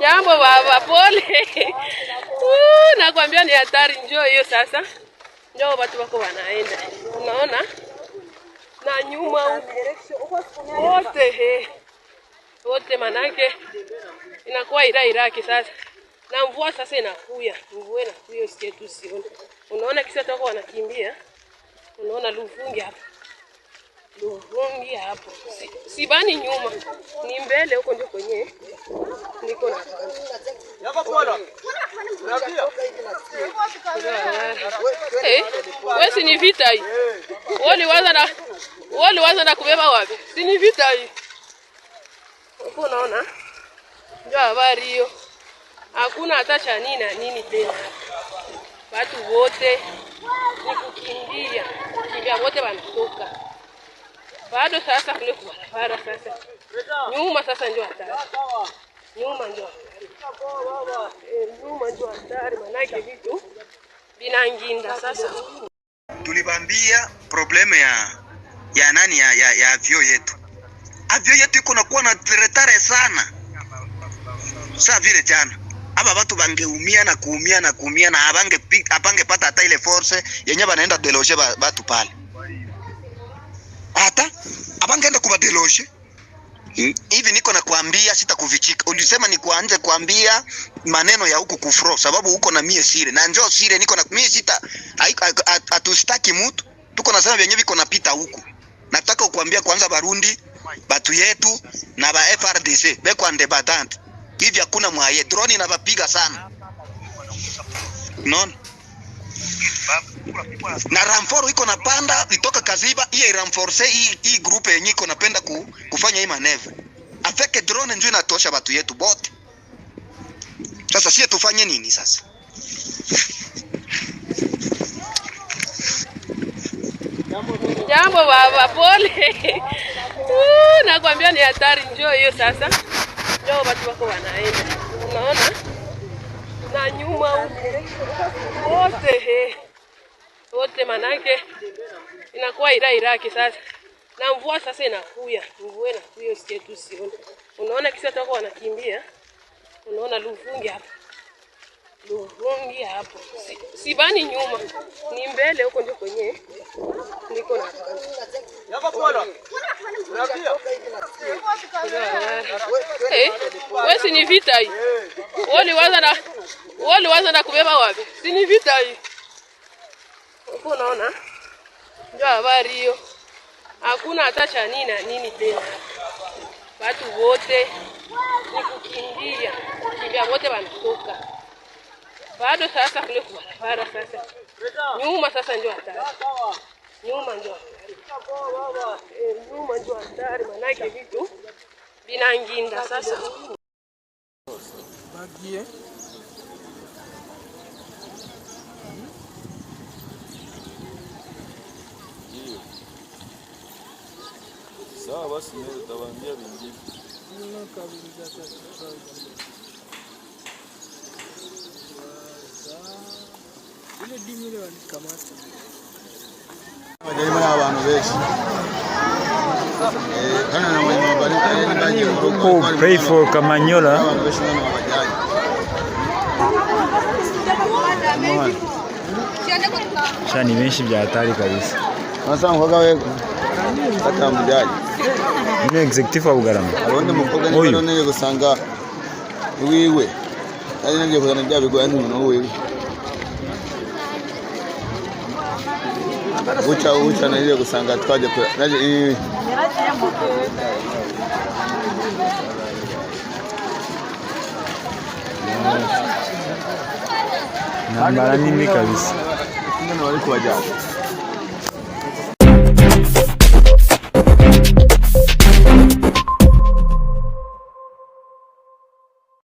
Jambo baba, pole. Nakwambia ni hatari, njoo hiyo sasa. Njoo watu wako wanaenda, unaona na nyuma wote he. Wote manake inakuwa ira iraki sasa, na mvua sasa inakuya, mvua inakuya, usikie tu, sione. Unaona kisa watu wanakimbia, unaona Luvungi hapa Burundi hapo sibani nyuma, ni mbele huko, ndio kwenye niko na eh, we, si ni vita hii? Waliwaza na kubeba wapi? Si ni vita hii? Uko unaona, ndio habari hiyo. Hakuna hata cha nini na nini tena, watu wote ni kukimbia kimbia, wote wanatoka bado sasa kule kwa barabara sasa, nyuma sasa ndio hatari, nyuma ndio hatari, eh, nyuma ndio hatari, manake vitu vinanginda sasa. Tulibambia probleme ya ya nani ya, ya, ya avyo yetu, avyo yetu iko nakuwa na retare sana, saa vile jana aba batu bangeumia na kuumia na kuumia na abange pata hata ile force yenye banaenda deloge batu pale hata abangenda kubadeloge hmm? hivi niko nakwambia, sitakuvichika. Ulisema ni kuanze kuambia maneno ya huku kufro, sababu huko na mie sire na njoo sire, niko na mie sita, hatustaki mutu, tuko nasema vyenye viko napita huku. Nataka kukuambia kwanza, Barundi batu yetu na ba FRDC beko independent hivi, hakuna mwaye droni na vapiga sana non na ramfor iko na panda itoka Kaziba, iye iramforce hii hii group yenye iko napenda ku, kufanya hii manevre afeke drone njoo inatosha batu yetu bote. Sasa sie tufanye nini sasa? Jambo baba, pole. Nakwambia ni hatari, njoo hiyo sasa, njoo batu wako wanaenda, unaona na nyuma huko wote, he wote, manake inakuwa ira iraki sasa, na mvua sasa inakuya, mvua inakuya, usije tu, sione. Unaona kisa tako wanakimbia, unaona luvungi hapo, luvungi hapo, si, sibani nyuma, ni mbele huko, ndio kwenye niko na Hey, eh, wesi ni vita hii Wewe woliwaza na wewe uliwaza na kubeba wapi? Si ni vita hii. Uko unaona? Ndio habari hiyo. Hakuna hata cha nini na nini tena. Watu wote ni kukimbia. Kimbia wote wanatoka. Bado sasa kule kwa barabara sasa. Nyuma sasa ndio hatari. Nyuma ndio hatari. Eh, nyuma ndio hatari manake vitu vinanginda sasa. Bagie. Sawa basi, mimi nitawaambia vingine. Huko eh, eh, pray for Kamanyola. Shani benshi bya hatari kabisa. Unasanga kwa wewe hata mjaji ni executive wa bugarama ubundi mukobwa ni none yego sanga wiwe ari nagiye kugana bya ni none wiwe ucha ucha na nagiye gusanga twaje naje ibi eh, eh. nambara nini kabisa none wari kubajyana